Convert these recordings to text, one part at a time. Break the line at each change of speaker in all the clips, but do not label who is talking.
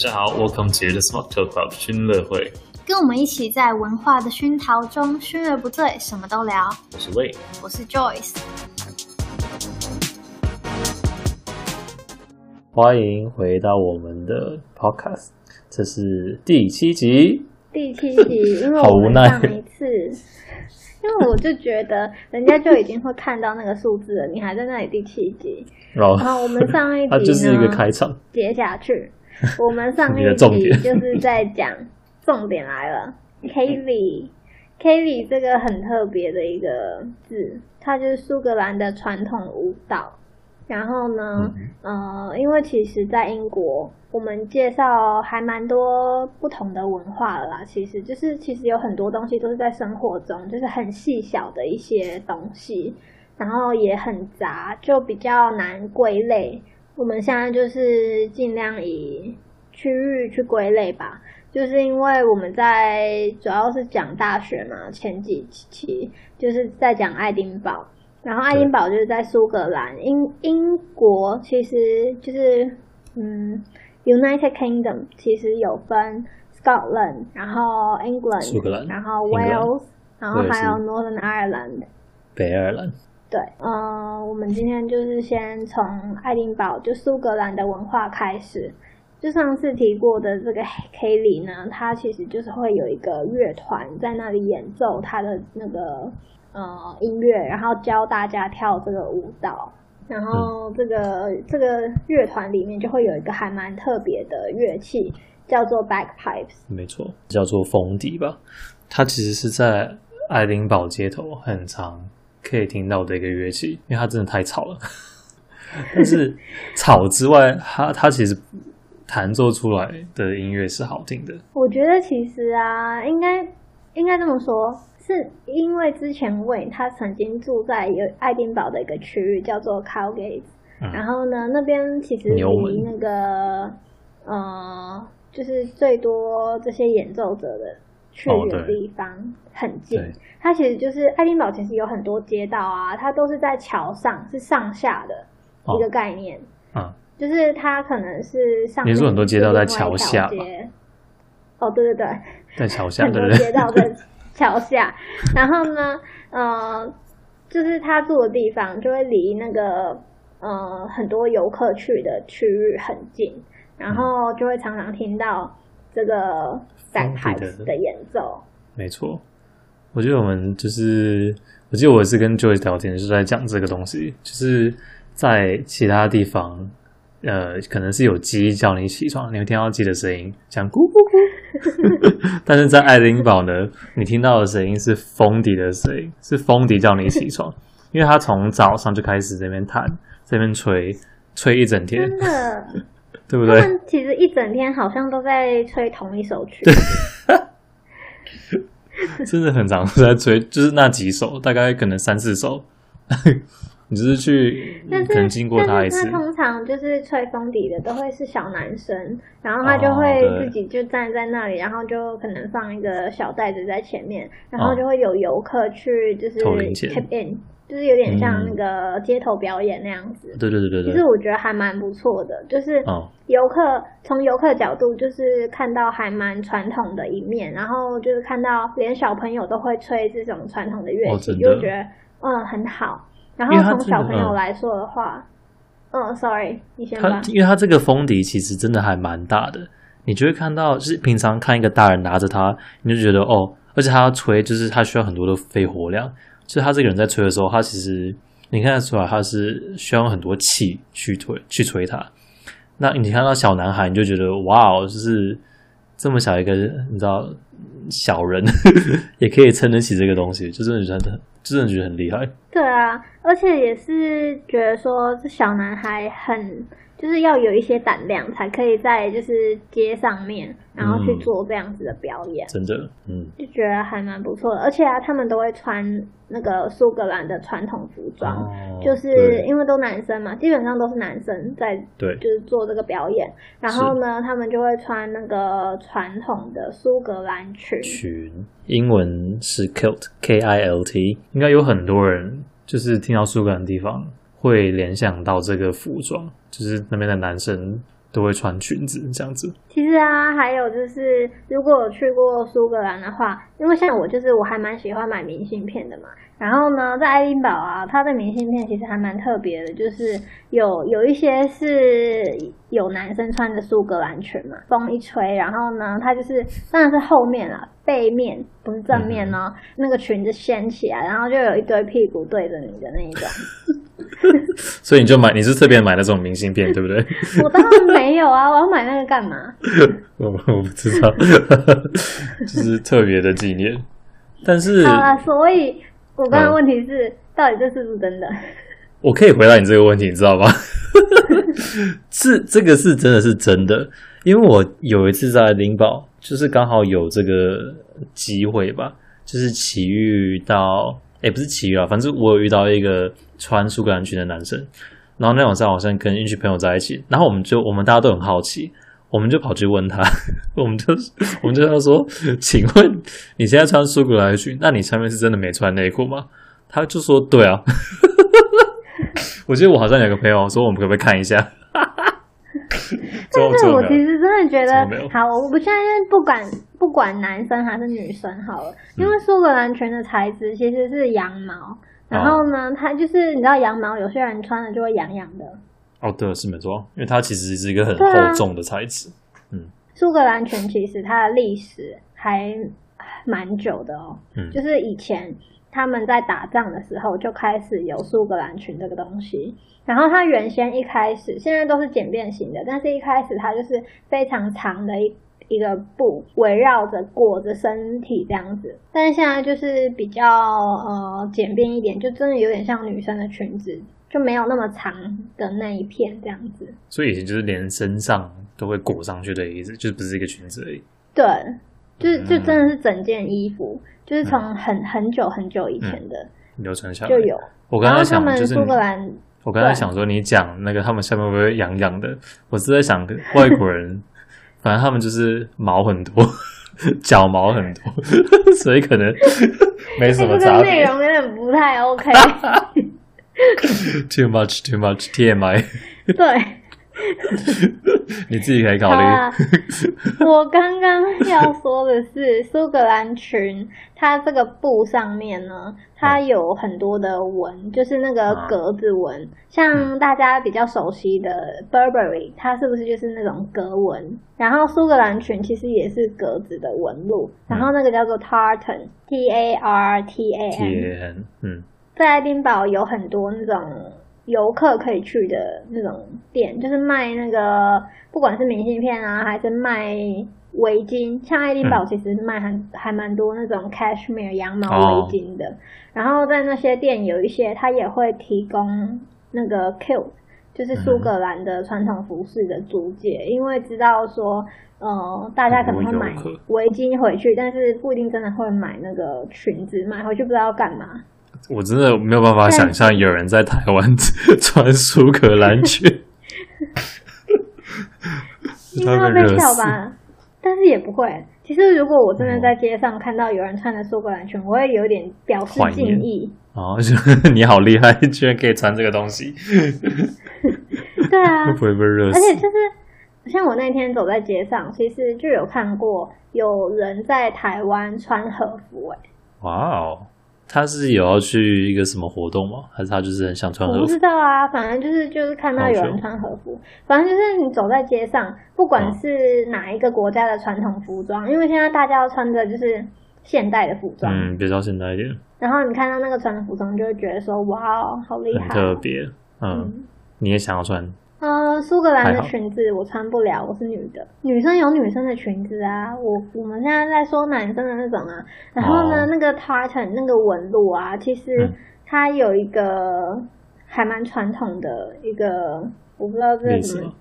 大家好，Welcome to the Smocktail Club 薰樂會，
跟我們一起在文化的熏陶中，熏而不醉，什麼都聊。我是 Way，我是 Joyce。
歡迎回到我們的 Podcast，這是第七集。
第七集，因為好無奈。上一次， 好無奈笑因為我就覺得人家就已經會看到那個數字了，你還在那裡第七集。然後,然後我們上一集呢，它就是一個開場，接下去。 我們上一集就是在講，重點來了 Ceilidh，Ceilidh 這個很特別的一個字，它就是蘇格蘭的傳統舞蹈。然後呢，嗯、呃，因為其實，在英國，我們介紹還蠻多不同的文化啦。其實就是，其實有很多東西都是在生活中，就是很細小的一些東西，然後也很雜，就比較難歸類。我們現在就是盡量以區域去歸類吧，就是因為我們在主要是講大學嘛，前幾期就是在講愛丁堡，然後愛丁堡就是在蘇格蘭，對英英國其實就是嗯，United Kingdom 其實有分 Scotland，然後 England，蘇格蘭，然後 Wales，然後還有 Northern Ireland，
北愛爾蘭。
對，嗯、呃，我們今天就是先從愛丁堡，就蘇格蘭的文化開始。就上次提過的這個凱里呢，它其實就是會有一個樂團在那裡演奏它的那個呃音樂，然後教大家跳這個舞蹈。然後這個、嗯、這個樂團裡面就會有一個還蠻特別的樂器，叫做 bagpipes。
沒錯，叫做風笛吧。它其實是在愛丁堡街頭很常可以聽到的一個樂器，因為它真的太吵了。 但是 吵之外，它它其實彈奏出來的音樂是好聽
的。我覺得其實啊，應該應該這麼說，是因為之前偉他曾經住在有愛丁堡的一個區域叫做 Cowgate、嗯、然後呢，那邊其實離那個門呃，就是最多這些演奏者的。去的地方很近，哦、它其實就是愛丁堡，其實有很多街道啊，它都是在橋上，是上下的一個概念，哦、啊。就是它可能是上，你是說？哦、很多街道在橋下？哦，對對對，
在橋下，很多街
道在橋下。然後呢，呃，就是他住的地方就會離那個呃很多遊客去的區域很近，然後就會常常聽到這個。三拍子的演奏，嗯、
沒錯。我覺得我們就是，我記得我也是跟 Joyce 聊天，是在講這個東西，就是在其他地方，呃，可能是有雞叫你起床，你會聽到雞的聲音，像咕咕咕。 但是在愛丁堡呢，你聽到的聲音是風笛的聲音，是風笛叫你起床， 因為它從早上就開始在那邊彈，在那邊吹，吹一整天。
對不對？他其實一整天好像都在吹同一首曲對。
真的很常在吹，就是那幾首，大概可能三四首。 你就是去，那、就是、可能經過他一次。通
常就是吹風笛的都會是小男生，然後他就會自己就站在那裡，哦、然後就可能放一個小袋子在前面，哦、然後就會有遊客去就是 tap in。就是有點像那個街頭表演那樣
子，嗯、對對對對，其實我
覺得還蠻不錯的，就是遊客、哦、從遊客的角度就是看到還蠻傳統的一面，然後就是看到連小朋友都會吹這種傳統的樂器，哦、真的就覺得嗯很好。然後從小朋友來說的話，的嗯，嗯，sorry，你先吧。
因為他這個風笛其實真的還蠻大的，你就會看到，就是平常看一個大人拿着它，你就覺得哦，而且他要吹，就是他需要很多的肺活量。就他這個人，在吹的時候，他其實你看得出來，他是需要很多氣去吹，去吹他。那你看到小男孩，你就覺得哇，哦，就是這麼小一個，你知道小人 也可以撐得起這個東西，就真的覺得很，就真的覺
得很厲害。對啊，而且也是覺得說，這小男孩很，就是要有一些膽量，才可以在就是街上面，然後去做這樣子的表演。嗯、
真的，嗯，
就覺得還蠻不錯的。而且啊，他們都會穿那個蘇格蘭的傳統服裝，哦、就是因為都男生嘛，對基本上都是男生在，就是做這個表演。對然後呢，是他們就會穿那個傳統的蘇格蘭裙，裙，
英文是 Kilt，K I L T，應該有很多人就是聽到蘇格蘭的地方，會聯想到這個服裝，就是那邊的男生都會穿裙子這樣子。
其實啊，還有就是，如果有去過蘇格蘭的話，因為像我就是我還蠻喜歡買明信片的嘛。然後呢，在愛丁堡啊，他的明信片其實還蠻特別的，就是有有一些是有男生穿着蘇格蘭裙嘛，風一吹，然後呢，他就是當然是後面啊，背面不是正面呢、喔，嗯、那個裙子掀起來，然後就有一堆屁股對着你的那一種。
所以你就買，你是特別買那種明信片，對不對？
我當然沒有啊！ 我要買那個幹嘛？
我我不知道， 就是特別的紀念。但是啊，所以
我剛剛問題是，嗯、到底這是不是真的？
我可以回答你這個問題，你知道嗎？ 是這個是真的是真的，因為我有一次在靈寶，就是剛好有這個機會吧，就是奇遇到，哎、欸，不是奇遇啊，反正我有遇到一個。穿蘇格蘭裙的男生，然後那晚上好像跟一群朋友在一起，然後我們就我們大家都很好奇，我們就跑去問他，我們就我們就說，請問你現在穿蘇格蘭裙，那你上面是真的沒穿內褲嗎？他就說對啊。 我記得我好像有個朋友說我們可不可以看一下， 麼但是，我其實真的覺得好，
我們現在不管不管男生還是女生好了，嗯、因為蘇格蘭裙的材質其實是羊毛。然後呢，它就是你知道羊毛，有些人穿了就會癢癢的。
哦，對，是沒錯，因為它其實是一個很厚重的材質。
啊、嗯，蘇格蘭裙其實它的歷史還蠻久的哦，嗯、就是以前他們在打仗的時候就開始有蘇格蘭裙這個東西。然後它原先一開始現在都是簡便型的，但是一開始它就是非常長的一。一個布圍繞着裹着身體這樣子，但是現在就是比較呃簡便一點，就真的有點像女生的裙子，就沒有那麼長的那一片這樣子。
所以以前就是連身上都會裹上去的意思，就是不是一個裙子而已。
對，就是就真的是整件衣服，嗯、就是從很很久很久以前的、嗯、
流傳下來就有。我剛剛想，他們就是蘇格蘭。
我剛才想
說，你講那個他們下面會不會癢癢的？對我是在想外國人。 反正他們就是毛很多，腳毛很多，所以可能沒什麼差別。欸，內
容有點不太 OK。
Too much, too much TMI。對。 你自己可以考慮。
我剛剛要說的是，蘇格蘭裙，它這個布上面呢，它有很多的紋，就是那個格子紋，像大家比較熟悉的 Burberry，它是不是就是那種格紋？然後蘇格蘭裙其實也是格子的紋路，然後那個叫做 tartan，T A R T A N，T A N，嗯，在愛丁堡有很多那種。遊客可以去的那種店，就是賣那個，不管是明信片啊，還是賣圍巾。像愛丁堡其實是賣很還蠻、嗯、多那種 cashmere 羊毛圍巾的。哦、然後在那些店有一些，他也會提供那個 Q，就是蘇格蘭的傳統服飾的租借。嗯、因為知道說，呃，大家可能會買圍巾回去，但是不一定真的會買那個裙子買回去，不知道要幹嘛。
我真的沒有辦法想象，有人在台灣是 穿蘇格蘭裙， 應該會笑吧？
但是也不會。其實，如果我真的在街上看到有人穿着蘇格蘭裙，我會有點表示敬
意。啊，你好厲害，居然可以穿這個東西。
對啊，不 會被熱死。而且就是，像我那天走在街上，其實就有看過有人在台灣穿和服，欸。
哎，wow，哇哦！他是有要去一個什麼活動嗎？還是他就是很想穿和服？不知
道啊，反正就是就是看到有人穿和服，好好反正就是你走在街上，不管是哪一個國家的傳統服裝，啊、因為現在大家都穿的就是現代的服裝，
嗯，比較現代一點。
然後你看到那個傳統服裝，就會覺得說：“哇哦，好厲害，很特
別。”嗯，你也想要穿。
呃，蘇格蘭的裙子我穿不了，好我是女的。女生有女生的裙子啊，我我們現在在說男生的那種啊。然後呢，哦、那個 tartan 那個紋路啊，其實它有一個還蠻傳統的一個，我不知道該怎麼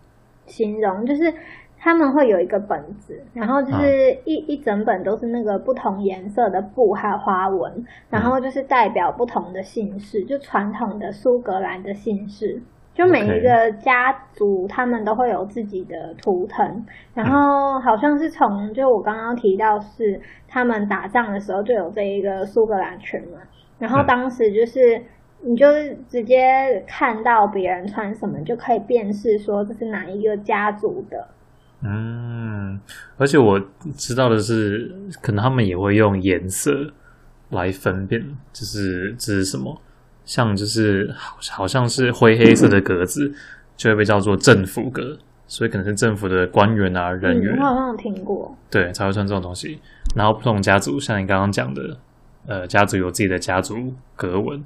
形容，型就是他們會有一個本子，然後就是一、哦、一整本都是那個不同顏色的布還有花紋，然後就是代表不同的姓氏，嗯、就傳統的蘇格蘭的姓氏。就每一個家族，他們都會有自己的圖騰。Okay, 然後好像是從就我剛剛提到是他們打仗的時候就有這一個蘇格蘭裙嘛。然後當時就是你就直接看到別人穿什麼就可以辨識說這是哪一個家族的。
嗯，而且我知道的是，可能他們也會用顏色來分辨，就是這是什麼。像就是好，好像是灰黑色的格子，嗯、就會被叫做政府格，所以可能是政府的官員啊、人員、嗯。我好
像有聽過。
對，才會穿這種東西。然後不同家族，像你剛剛講的，呃，家族有自己的家族格紋，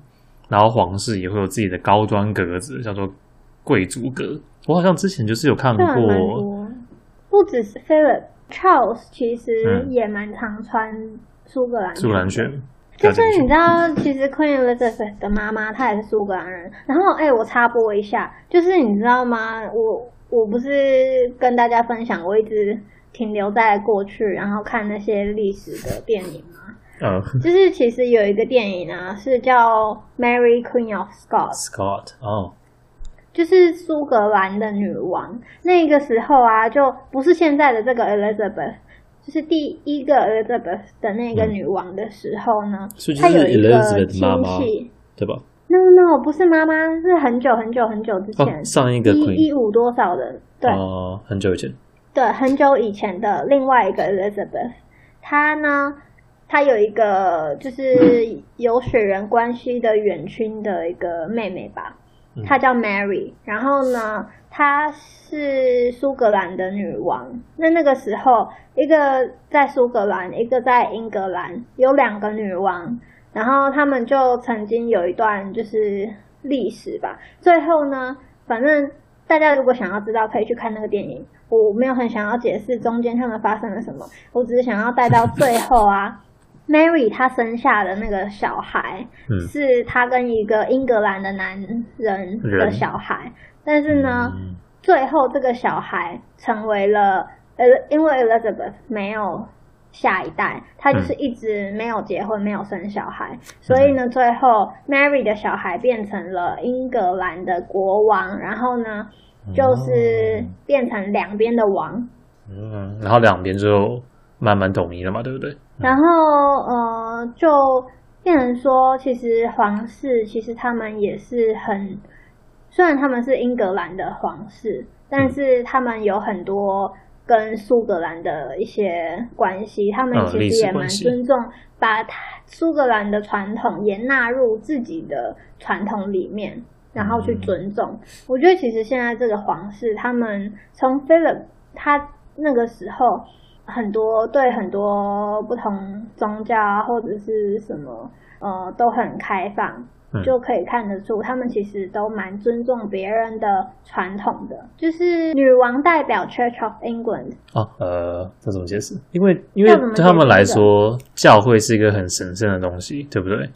然後皇室也會有自己的高端格子，叫做貴族格。我好像之前就是有看過，
不只是 Philip，Charles，其實也蠻常穿蘇格蘭蘇格
蘭裙就是你
知道，其實 Queen Elizabeth 的媽媽她也是蘇格蘭人。然後，哎，欸，我插播一下，就是你知道嗎？我我不是跟大家分享我一直停留在過去，然後看那些歷史的電影嗎？Oh. 就是其實有一個電影啊，是叫 Mary Queen of Scots。
Scots，oh.
哦，就是蘇格蘭的女王。那個時候啊，就不是現在的這個 Elizabeth。就是第一個 Elizabeth 的那個女王的時候呢，嗯、是她有一個親戚媽媽，對吧？No，No，no, 不是媽媽，是很久很久很久之前，哦，上一個 Queen, 一一五多少的？對，
嗯、很久以前，
對，很久以前的另外一個 Elizabeth，她呢，她有一個就是有血緣關係的遠親的一個妹妹吧，嗯、她叫 Mary，然後呢。她是蘇格蘭的女王。那那個時候，一個在蘇格蘭，一個在英格蘭，有兩個女王。然後他們就曾經有一段就是歷史吧。最後呢，反正大家如果想要知道，可以去看那個電影。我沒有很想要解釋中間他們發生了什麼，我只是想要帶到最後啊。 Mary 她生下的那個小孩，是她跟一個英格蘭的男人的小孩。但是呢，嗯、最後這個小孩成為了呃，因為 Elizabeth 沒有下一代，他就是一直沒有結婚，嗯、沒有生小孩，所以呢，嗯、最後 Mary 的小孩變成了英格蘭的國王，然後呢，嗯、就是變成兩邊的王，
嗯，然後兩邊就慢慢統一了嘛，對不對？
然後呃，就變成說，其實皇室其實他們也是很。雖然他們是英格蘭的皇室，但是他們有很多跟蘇格蘭的一些關係，他們其實也蠻尊重，把蘇格蘭的傳統也納入自己的傳統裡面，然後去尊重。我覺得其實現在這個皇室，他們從 Philip 他那個時候。很多對，很多不同宗教啊，或者是什麼呃，都很開放，嗯、就可以看得出他們其實都蠻尊重別人的傳統的。就是女王代表 Church of England。哦，
呃，這怎麼解釋？因為因為對他們來說，教會是一個很神聖的東西，對不對？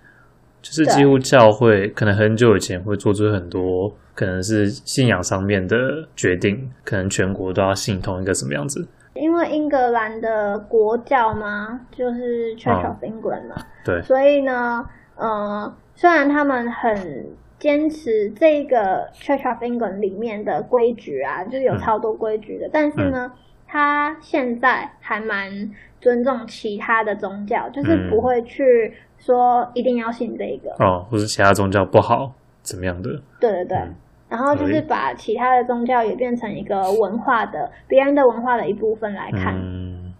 就是幾乎教會對可能很久以前會做出很多可能是信仰上面的決定，可能全國都要信同一個什麼樣子。
因為英格蘭的國教嘛，就是 Church of England 嘛。哦、對，所以呢，呃，雖然他們很堅持這個 Church of England 裡面的規矩啊，就是有超多規矩的，嗯、但是呢，嗯、他現在還蠻尊重其他的宗教，就是不會去說一定要信這個，哦，
或是其他宗教不好怎麼樣的，
對對對。嗯然後就是把其他的宗教也變成一個文化的、別人的文化的一部分來看。嗯。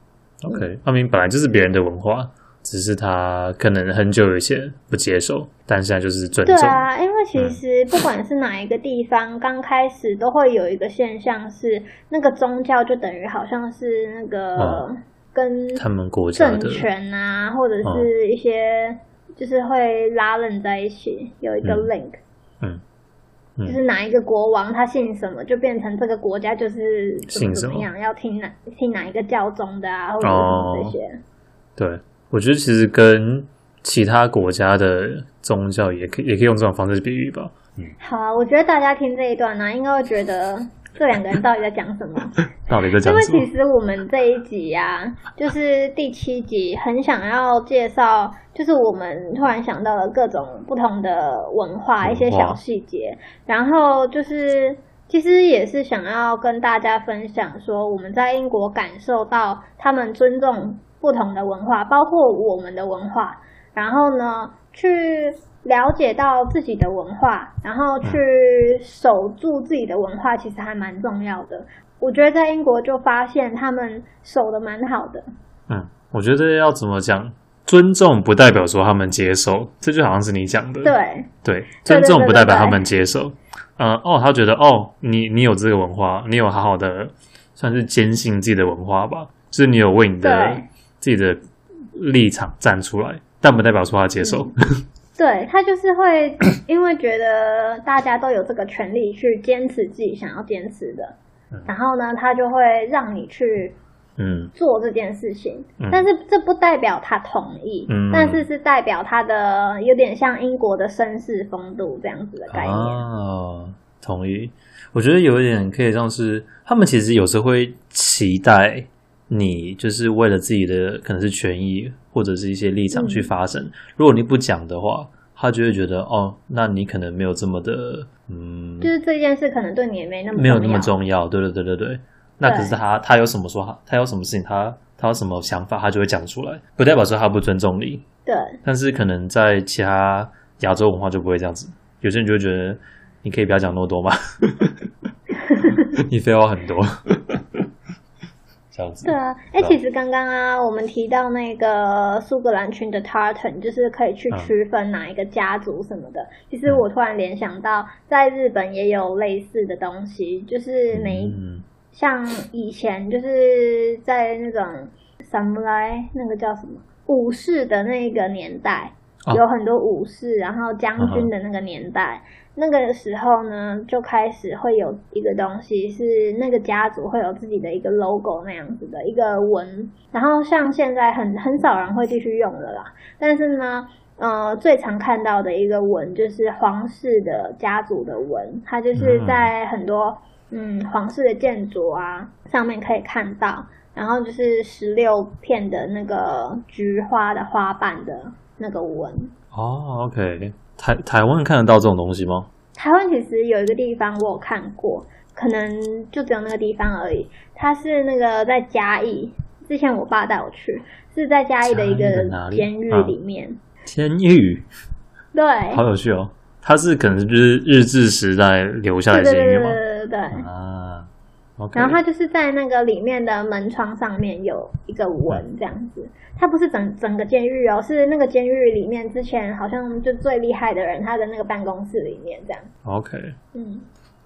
OK，阿明本來就是別人的文化，只是他可能很久以前不接受，但現在就是尊重。對啊，因
為其實不管是哪一個地方，剛、嗯、開始都會有一個現象，是那個宗教就等於好像是那個跟他們國家政權啊，或者是一些就是會拉人在一起，有一個 link。嗯。嗯就是哪一個國王他姓什麼，就變成這個國家就是姓什麼怎麼樣，麼要聽哪姓哪一個教宗的啊，或者這些、
哦。對，我覺得其實跟其他國家的宗教也可以也可以用這種方式比喻吧。嗯，
好啊，我覺得大家聽這一段呢、啊，應該會覺得。這兩個人到底在講什麼？
到底在講什麼？因為其實
我們這一集呀、啊，就是第七集，很想要介紹，就是我們突然想到了各種不同的文化，文化一些小細節，然後就是其實也是想要跟大家分享說，我們在英國感受到他們尊重不同的文化，包括我們的文化，然後呢去了解到自己的文化，然後去守住自己的文化，其實還蠻重要的。嗯，我覺得在英國就發現他們守得蠻好的。
嗯，我覺得要怎麼講，尊重不代表說他們接受，這就好像是你講的，對對，尊重不代表他們接受。呃，哦，他覺得哦，你你有這個文化，你有好好的算是堅信自己的文化吧，就是你有為你的對自己的立場站出來，但不代表說他接受。嗯
對，他就是會因為覺得大家都有這個權利去堅持自己想要堅持的，然後呢，他就會讓你去，嗯，做這件事情。嗯嗯、但是這不代表他同意，嗯、但是是代表他的有點像英國的紳士風度這樣子的概念。哦、啊，
同意，我覺得有一點可以像是他們其實有時候會期待。你就是為了自己的可能是權益或者是一些立場去發聲。嗯。如果你不講的話，他就會覺得哦，那你可能沒有這麼的，嗯，就是
這件事可能對你也沒那麼，麼沒有那麼
重要。對對對對對，
那可是他
對他有什麼說他他有什麼事情他他有什麼想法他就會講出來，不代表說他不尊重你。對，但是可能在其他亞洲文化就不會這樣子，有些人就會覺得你可以不要講那麼多嘛， 你廢話很多。 對啊，哎、欸，其實
剛剛啊，我們提到那個蘇格蘭裙的 tartan，就是可以去區分哪一個家族什麼的。嗯、其實我突然聯想到，在日本也有類似的東西，就是每、嗯、像以前就是在那種 samurai，那個叫什麼，武士的那個年代。有很多武士，然後將軍的那個年代，啊、那個時候呢，就開始會有一個東西，是那個家族會有自己的一個 logo 那樣子的一個紋。然後像現在很很少人會繼續用了啦。但是呢，呃，最常看到的一個紋就是皇室的家族的紋，它就是在很多嗯皇室的建築啊上面可以看到。然後就是十六片的那個菊花的花瓣的。那
個文哦、oh,，OK，台台灣看得到這種東西嗎？
台灣其實有一個地方我有看過，可能就只有那個地方而已。它是那個在嘉義，之前我爸帶我去，是在嘉義的一個監獄裡面。
監獄、啊、
對，好有
趣哦。它是可能就是日治時代留下來的監獄嗎？對，對，
對，對，對，對啊。Okay. 然後他就是在那個裡面的門窗上面有一個紋這樣子，嗯、他不是整整個監獄哦，是那個監獄裡面之前好像就最厲害的人，他的那個辦公室裡面這樣。OK，嗯，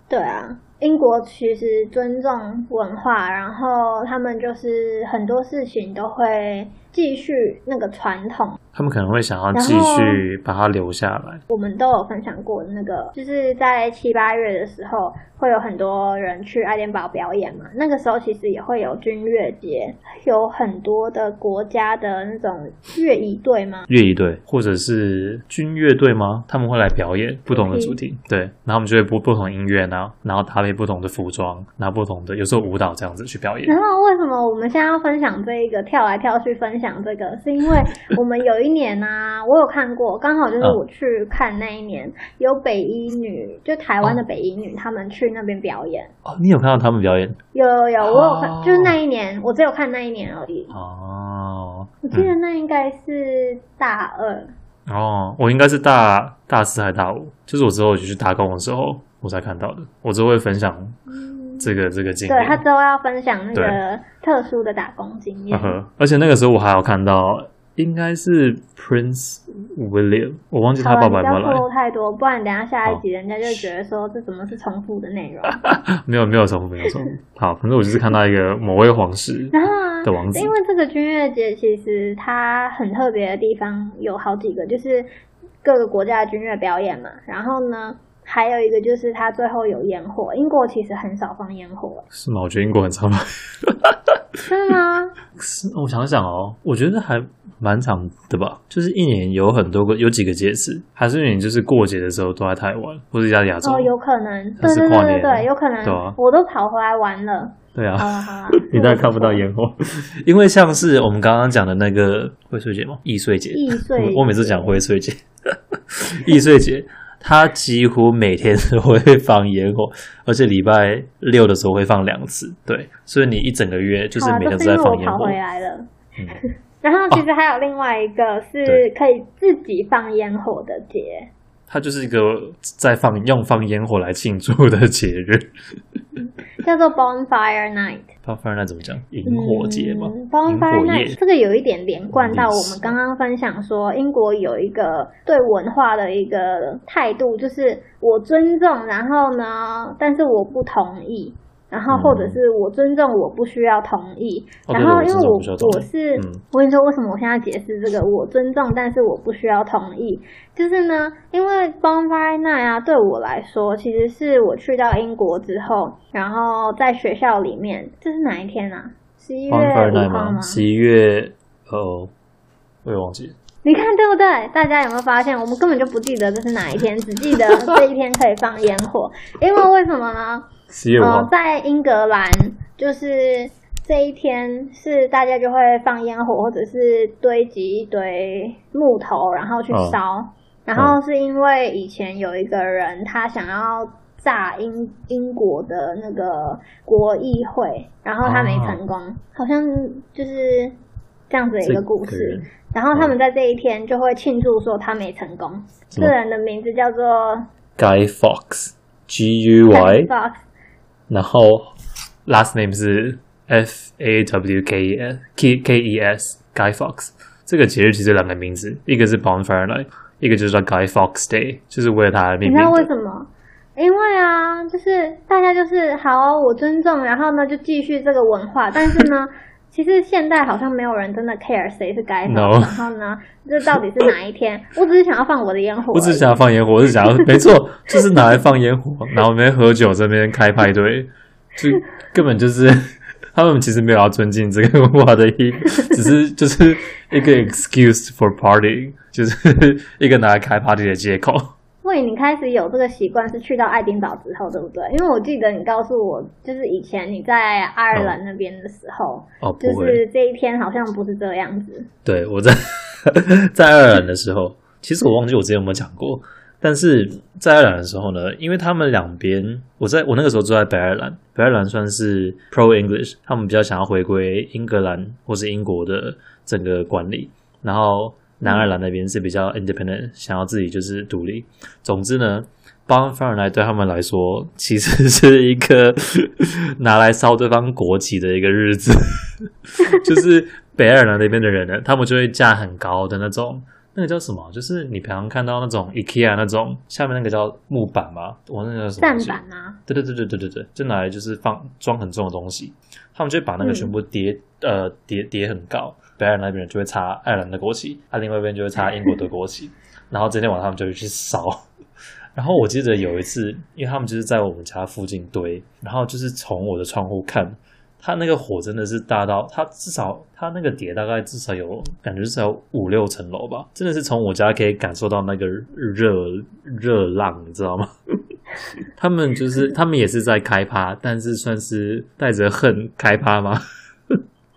對啊，英國其實尊重文化，然後他們就是很多事情都會繼續那個傳統，
他們可能會想要繼續把它留下來、
啊。我們都有分享過那個，就是在七八月的時候。會有很多人去愛丁堡表演嘛？那個時候其實也會有軍樂節，有很多的國家的那種樂儀隊嗎？
樂儀隊或者是軍樂隊嗎？他們會來表演不同的主題，對，然後我們就會播不同音樂呢、啊，然後搭配不同的服裝，拿不同的有時候舞蹈這樣子去表演。然
後為什麼我們現在要分享這一個跳來跳去分享這個？是因為我們有一年啊， 我有看過，剛好就是我去看那一年、嗯、有北一女，就台灣的北一女，啊、他們去。那邊表演
哦，你有看到他們表演？有
有有，我有看。哦、就是那一年，我只有看那一年
而已。哦，嗯、我
記得那應該是大
二哦，我應該是大大四還是大五，就是我之後去打工的時候我才看到的。我之後會分享這個、嗯、這個經驗，對他
之後要分享那個特殊的打工經
驗、啊。而且那個時候我還有看到。應該是 Prince William，我忘記他爸爸了。好了，不要
透露太多，不然等一下下一集人家就會覺得說這怎麼是重複的內容
沒。沒有沒有重複沒有重複。好，反正我就是看到一個某位皇室的王子。啊、因
為這個軍樂節，其實它很特別的地方有好幾個，就是各個國家的軍樂表演嘛。然後呢，還有一個就是它最後有煙火。英國其實很少放煙火了，
是嗎？我覺得英國很常放。是嗎？是，我想想哦，我覺得還蠻長的吧，就是一年有很多個，有幾個節日，還是你就是過節的時候都在台灣，或者在亞洲哦，
有可能，對對對對，還是跨年啊、對對對對有可能，對啊、我都跑回來玩了，對啊，好好啊 你當
然看不到煙火，因為像是我們剛剛講的那個灰碎節嗎？易碎節，易碎歲， 我每次講灰碎節， 易碎節。 他幾乎每天都會放煙火，而且禮拜六的時候會放兩次。對，所以你一整個月就是每天都在放煙火。
然後其實還有另外一個是可以自己放煙火的節，
它、啊、就是一個在放用放煙火來慶祝的節日。
嗯、叫做 Bonfire
Night，Bonfire Night 怎麼講？營火節嘛、嗯、
Bonfire Night 這個有一點連貫到我們剛剛分享說，英國有一個對文化的一個態度，就是我尊重，然後呢，但是我不同意。然後或者是我尊重，我不需要同意。嗯、然後因為我、嗯、對對我，我是、嗯、我跟你說為什麼我現在解釋這個，我尊重，但是我不需要同意。就是呢，因為 Bonfire Night 啊，對我來說，其實是我去到英國之後，然後在學校裡面，這是哪一天呢？啊，十一月五號嗎？十
一月呃，我也忘記了。
你看對不對？大家有沒有發現，我們根本就不記得這是哪一天，只記得這一天可以放煙火。 因為為什麼呢？嗯、呃，在英格蘭，就是這一天是大家就會放煙火，或者是堆積一堆木頭然後去燒。Oh. 然後是因為以前有一個人他想要炸英英國的那個國議會，然後他沒成功，oh. 好像就是這樣子的一個故事。Oh. 然後他們在這一天就會慶祝說他沒成功。什麼？這人的名字叫做
Guy Fox，G U Y Fox。然後，last name 是 F A W K E S K K E S Guy Fawkes。這個節日其實兩個名字，一個是 Bonfire Night, 一個就是叫 Guy Fawkes Day，就是為了他命名的。你知道為
什麼？因為啊，就是大家就是好、哦，我尊重，然後呢，就繼續這個文化，但是呢。 其實現在好像沒有人真的 care 誰是 Gay，No 然後呢，這到底是哪一天？我只是想要放我的煙火，我只是想要放
煙火，我是想要沒錯，就是拿來放煙火，然後沒喝酒這邊開派對，就根本就是他們其實沒有要尊敬這個文化的意，只是就是一個 excuse for party，就是一個拿來開 party 的借口。
因為你開始有這個習慣是去到愛丁堡之後，對不對？因為我記得你告訴我，就是以前你在愛爾蘭那邊的時候，哦哦、就是這一天好像不是這樣子。
對，我在 在愛爾蘭的時候，其實我忘記我之前有沒有講過。但是在愛爾蘭的時候呢，因為他們兩邊，我在我那個時候住在北愛爾蘭，北愛爾蘭算是 Pro English，他們比較想要回歸英格蘭或是英國的整個管理，然後。南愛爾蘭那邊是比較 independent，想要自己就是獨立。總之呢，Bonfire Night 對他們來說，其實是一個 拿來燒對方國旗的一個日子。 就是北愛爾蘭那邊的人呢，他們就會架很高的那種，那個叫什麼？就是你平常看到那種 IKEA 那種下面那個叫木板吧？我那個叫什麼？彈板啊？對對對對對對對，就拿來就是放裝很重的東西，他們就會把那個全部疊、嗯、呃疊疊很高。北愛那邊就會插愛爾蘭的國旗，他另外一邊就會插英國的國旗，然後這天晚上他們就會去燒。 然後我記得有一次，因為他們就是在我們家附近堆，然後就是從我的窗戶看，他那個火真的是大到，他至少他那個疊大概至少有感覺至少有五六層樓吧，真的是從我家可以感受到那個熱熱浪，你知道嗎？ 他們就是他們也是在開趴，但是算是帶着恨開趴嗎？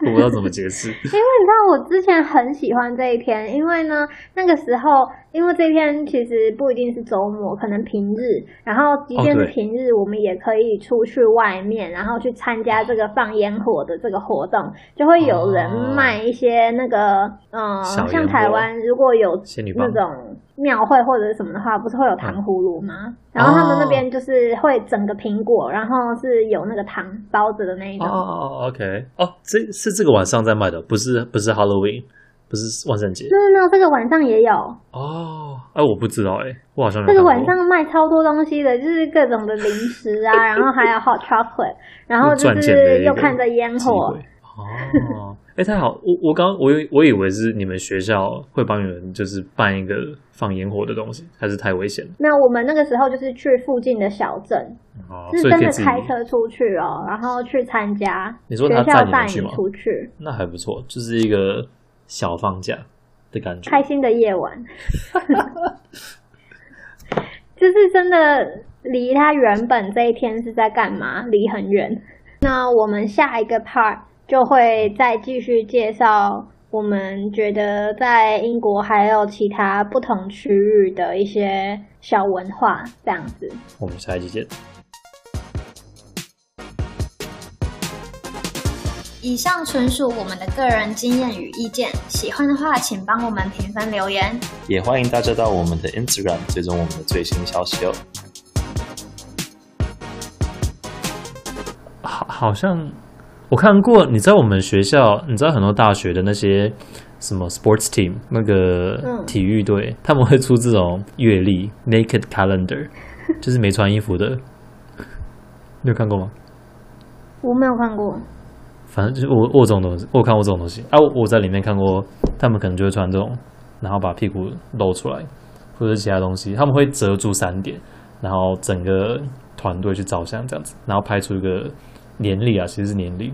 我不知道怎麼解
釋， 因為你知道我之前很喜歡這一篇，因為呢那個時候，因為這一天其實不一定是週末，可能平日，然後即便是平日，哦、我們也可以出去外面，然後去參加這個放煙火的這個活動，就會有人賣一些那個，嗯、哦，呃、像台灣如果有那種。廟會或者是什麼的話，不是會有糖葫蘆嗎？嗯、然後他們那邊就是會整個蘋果，哦、然後是有那個糖包着的那一
種。哦，哦，OK，哦，這是這個晚上在賣的，不是不是 Halloween，不是萬聖節。
那那這個晚上也有哦？
哎、呃，我不知道哎、欸，我好像有這個晚
上賣超多東西的，就是各種的零食啊， 然後還有 Hot Chocolate， 然後就是又看着煙火。哦。
哎、欸，太好！我我剛我以我以為是你們學校會幫你們，就是辦一個放煙火的東西，還是太危險？
那我們那個時候就是去附近的小鎮，哦、是真的開車出去哦、喔，以以然後去參加。你說學校帶你去嗎？出去。那
還不錯，就是一個小放假的感覺，開
心的夜晚。 就是真的離他原本這一天是在幹嘛，離很遠。 那我們下一個 part。就會再繼續介紹，我們覺得在英國還有其他不同區域的一些小文化，這樣子。
我們下一期見。
以上純屬我們的個人經驗與意見，喜歡的話請幫我們評分留言，
也歡迎大家到我們的 Instagram 追蹤我們的最新消息哦。好，好像。我看過，你在我們學校，你知道很多大學的那些什麼 sports team 那個體育隊，嗯、他們會出這種月曆 naked calendar，就是沒穿衣服的，你有看過嗎？
我沒有看過。
反正就是我我這種東西我看過這種東西啊我，我在裡面看過，他們可能就會穿這種，然後把屁股露出來，或者其他東西，他們會遮住三點，然後整個團隊去照相這樣子，然後拍出一個。年齡啊，其實是年齡。